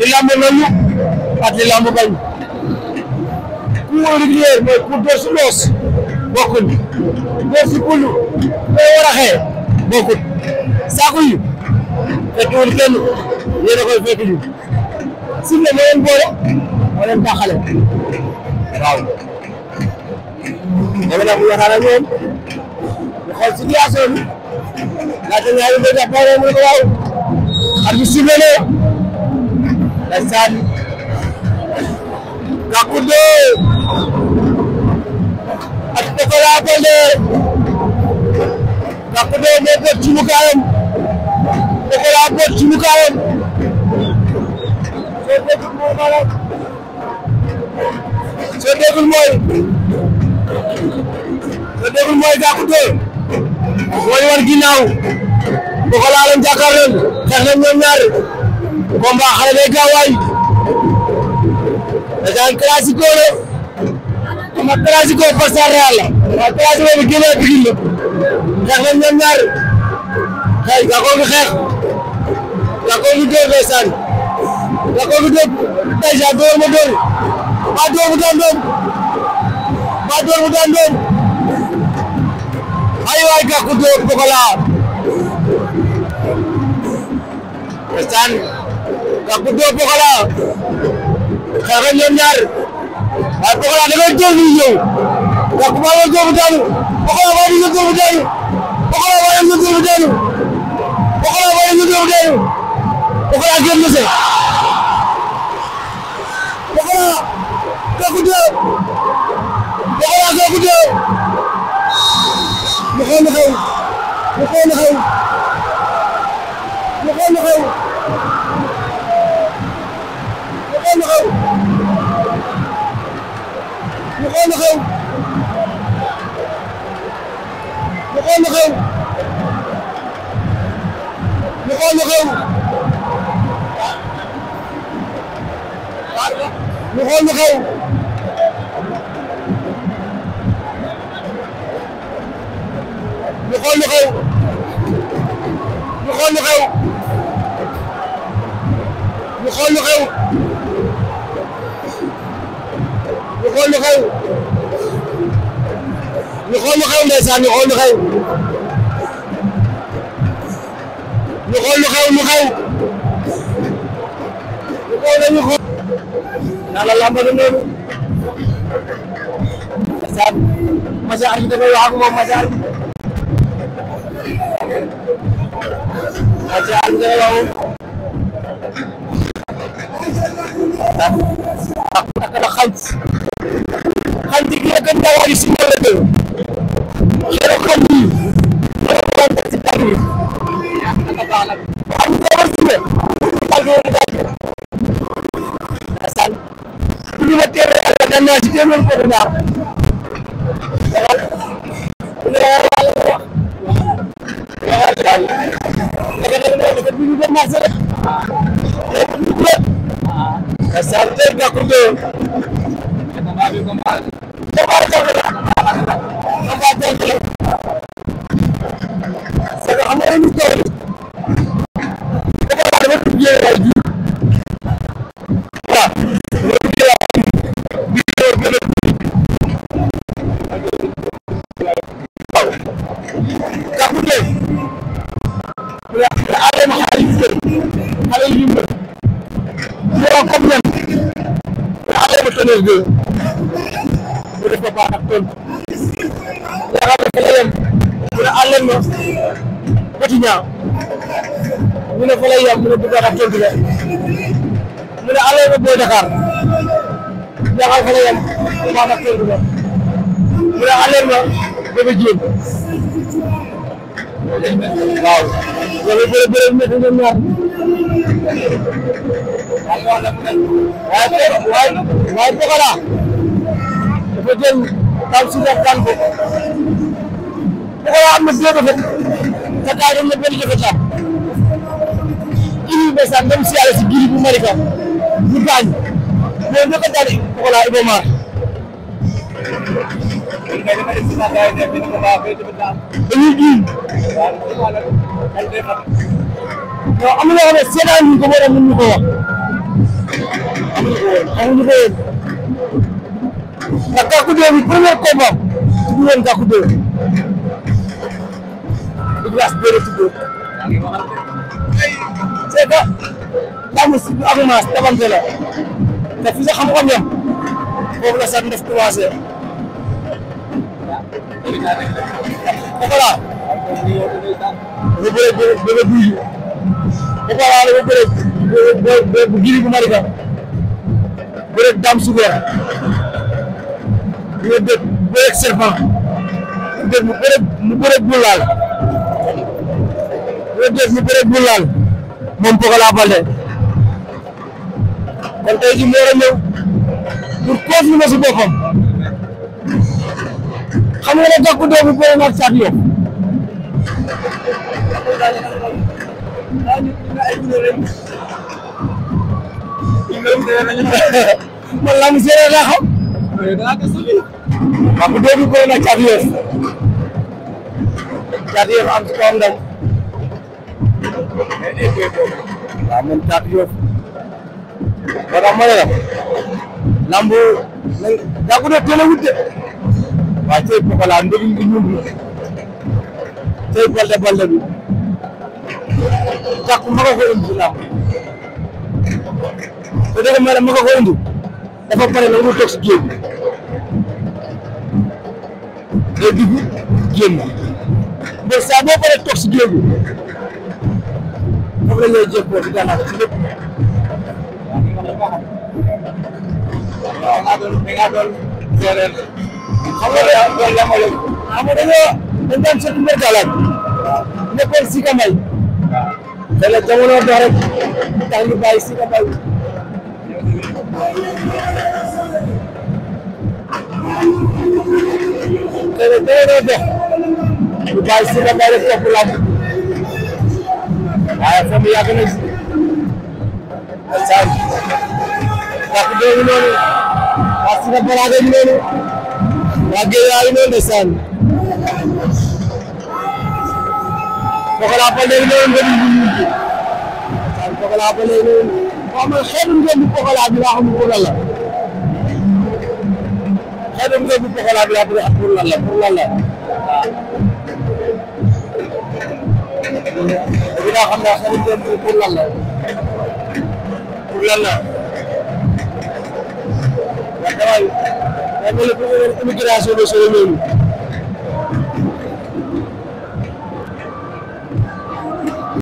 li làmb nañu ak li làmb bañ ku régulier mais ku dóor si loos bokkul dóor si kullu boo waraxee bokkul saako yi fekkiwul kenn yéen a koy fekk ñu suñ la leen boole moo leen taxale waaw dama la mu waxaan ak ñoom ñu xool situation bi laata ñaari mbéy mi ak baaxee mu ne ko at bi sible na ndeysaan Gackou 2 ak Pokola Baldé Gackou 2 moo boot ci mukaayam Pokola boot ci mukaayam soo déggul mooy maanaam soo déggul mooy soo déggul mooy Gackou 2 mooy war ginnaaw Pokola lañ jàkkaarloon xeex nañ ñoom ñaar combat xale day gaaw waay daan classico la ama classico Fassar Real la waaw classico bi génn ak Pikine la xeex nañ ñoom ñaar xëy Gakko ngi xeex Gakko ngi dóor ndeysaan Gakko ngi dóor dèjà dóor ma dóor ba dóor mu daan doom ba dóor mu daan doom ay waay Gakko dóor Pokola ndeysaan Gakou doo Pokola xeexal ñoom ñaar waaye Pokola da ngay jël ñu ñëw Gakou maa ngi góobu daanu Pokola maa ngi góobu daanu Pokola maa ngi góobu daanu Pokola maa ngi góobu daanu Pokola génn na se Pokola Gakou doo Pokola Gakou doo mu xool na xew mu xool na xew mu xool na xew lu xew lu xew lu xew lu xew lu xew lu xew lu xew lu xew lu xew lu xew lu xew ñu xool lu xew ñu xool lu xew ñu xool lu xew ndeysaan ñu xool lu xew ñu xool lu xew lu xew ñu xool dañu xool naa la làmb da noonu ndeysaan masaar bi dafay wax ak moom masaar bi masaar bi dafay wax akala xant xant gi la gën dawari si ñëla de xero xant yi xero xant si tàngi am dawar si ne tàngi wala tàngi ndeysaan ñu ma teere ala danaa si téeméer ko dinaa te Sall tey takku ngeen. combat bi combat bi. combat jafe la. combat jafe la. parce que xam nga dañu toll. combat dafa tudd yéen ay ji. waaw loolu kii laa xam. bii loo gën a tudd. waaw. takku ngeen. parce que Adama xaalis ngeen. xale yu mbër. ñoo ko Sénégal bi mu def papa ak tontu yaa xam ne fa la mu ne àlleen ma bëti ñaaw mu ne fa la yem mu ne bu ak tontu la mu ne àlleen ma booy Dakar yaa xam fa la yem bu baax ak tontu la mu ne àlleen ma bébé jéem waaw loolu bëre bëre ñoom ñaar waaye waaye Pokola dafa jël Pape Sida ko Pokola am na deux défaites Dakar na benn défaite am Ibi si yàlla giri bu Malika bu gaañ mais naka daal Pokola Iba Mar dañuy jiiñ non am na yoo xam ne seetaan nañ ko wala mënuñu ko wax amuñu ko yéen ndax Gackou 2 bi premier combat bu doon Gackou 2 di glace bëre tuddoo c'est que daanu si avenance dabante la te fi nga xam-xam yam foofu la sax def croisé voilà. Bokala dafa bëre bu bu giri bu Malika bëre Dame Souguer bëre dë bëre serpent mu bëre mu bëre Boulal bëre mu bëre Boulal moom Bokala Baldé kon tey jii moo war a ñëw pour confirmer si boppam xam nga ne Gackou doomu bëre na ak Sadio man laa mu séeréer laa xam. waaw bu déglu ko nag caatu yëf caatu yëf am ci kawam ndam. waaw man caatu yëf. ba tax ko doon teel a wut de. waaw cey Pokola ndëgum tax ma ko ko indi laa ko te ma ma ko ko indi dafa pare na mu toog si géej gi day dugg génn mais saa boo paree toog si géej gi moom la lay jéem ci gànnaaw ci lépp waaw nga doon da ngaa doon séeréer xam nga loolu la ma yëg xam nga dañoo dañ daan sotti mbir galaaj nekkoon si kamay dana jamono dox rek tax ñu bàyyi si nga bàyyi dana jamono dox ñu bàyyi si nga bàyyi rek topp làmb waaye fa mu yàgg na si asaan wax dëgg noonu wax si nga baraage noonu waa Guèye yaa saan Pokola Baldé yi ne leen gën a ñuul ji waaw Pokola Baldé yi ne leen waaw man xeetu ngeen di Pokola bi laa xam pour lan la xeetu ngeen di Pokola bi laa xam pour lan la pour lan la waaw bi nga xam ne xeetu ngeen di pour lan la pour lan la waaw dafay dafa mel ni immigration de solo loolu.